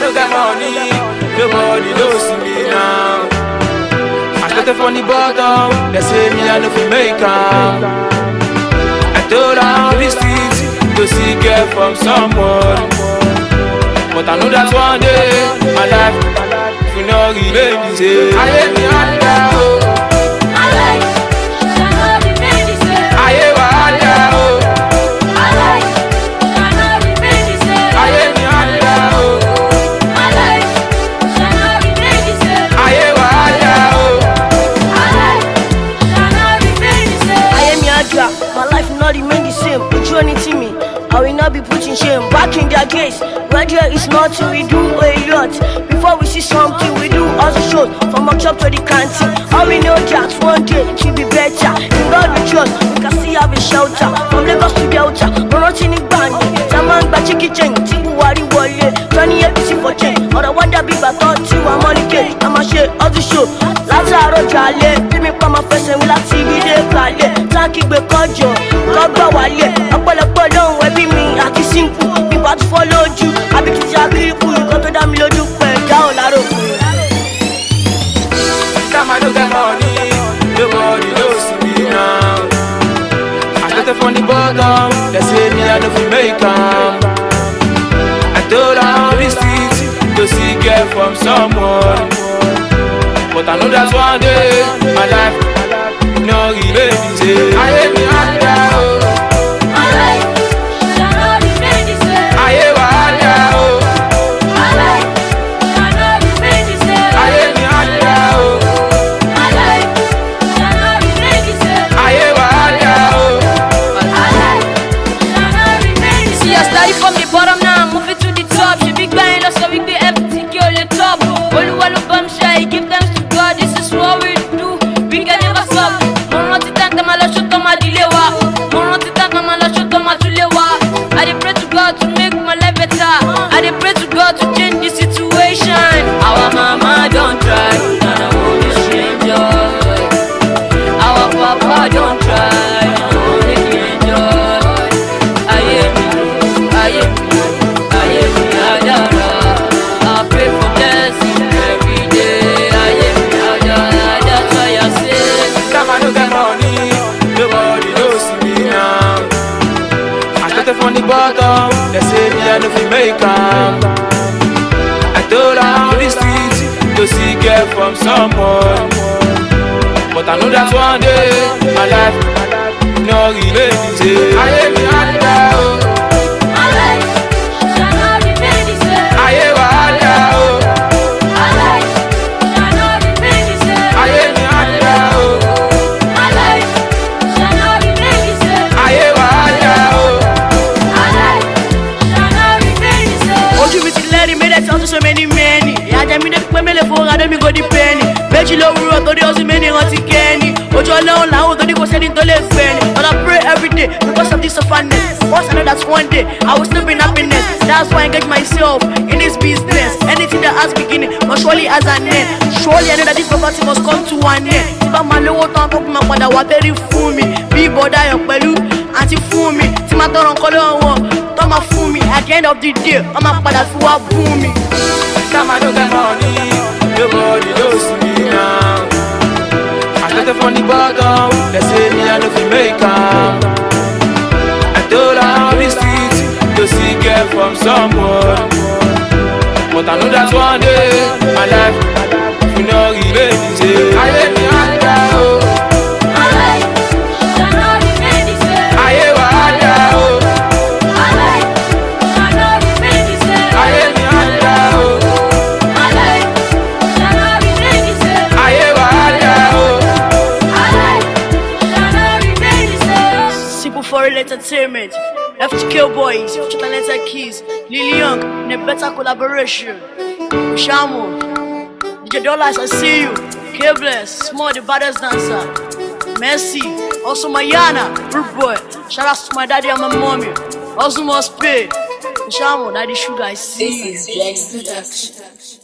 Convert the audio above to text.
I don't money, nobody knows me now. I started from the bottom, they say me I know fi make am. I told all these things to seek help from someone, but I know that one day my life will not remain the same. I hate me under. case radio is nothing we do a lot before we see something we do also shows from workshop to the canteen all we know jacks one day she be better in god we trust we can see have a shelter from lagos to delta rántí ní gbàǹdì tá a máa ń gba chicken chain tí buhari wọlé twenty apc for chain ọ̀rọ̀ wá dàbí ìgbà tán tí wàá mọ́ni cage a máa ṣe ọdún show látàárọ̀ jalè bí mi pa máa fẹsẹ̀ wí láti ilé kalẹ̀ tá a kígbe kọjọ. time. I told her all these things to see girl from someone. But I know that's one day my life no relate. I hate me, I die. bottom. They say me I no fit make am. I told her on the street to see girl from someone, but I know that one day my life no relate. Ayé mi á dá o. lè fowóra dẹ́mi kò ní pẹ́ẹ́nì méjì lówùúrọ̀ torí oṣù mi ní rántí kẹ́ẹ́nì ojú ọlọ́run làwọn torí kò sẹ́ni tó lè fẹ́ẹ́nì ọ̀la pray every because of this sufferness once I know that one day I will still be in happiness that's why I engage myself in this business anything that has beginning must surely has an end surely I know that this property must come to an end tí bá máa lówó tán tó kún máa padà wá bẹ́rí fún mi bí bọ́dá yàn pẹ̀lú àti fún mi tí máa tọrọ nǹkan lọ́wọ́ wọn tó máa fún mi at the end of the day wọ́n máa padà fi wá bú mi. ká máa dọ́gba máa ní nobody knows me now. I started from the bottom, they say me I no fit make am. I told her how the streets to see girl from someone, but I know that one day my life will not remain the same. World Entertainment, FTK Boys, Future Talented Kids, Lil Young, in a better collaboration. Shamo, DJ Dollars, I see you. k Small, the baddest dancer. Messi, also Mayana, Rude Boy. Shout out to my daddy and my mommy. Also, must pay. Shamo, Daddy Sugar, I see. This is Jack's production.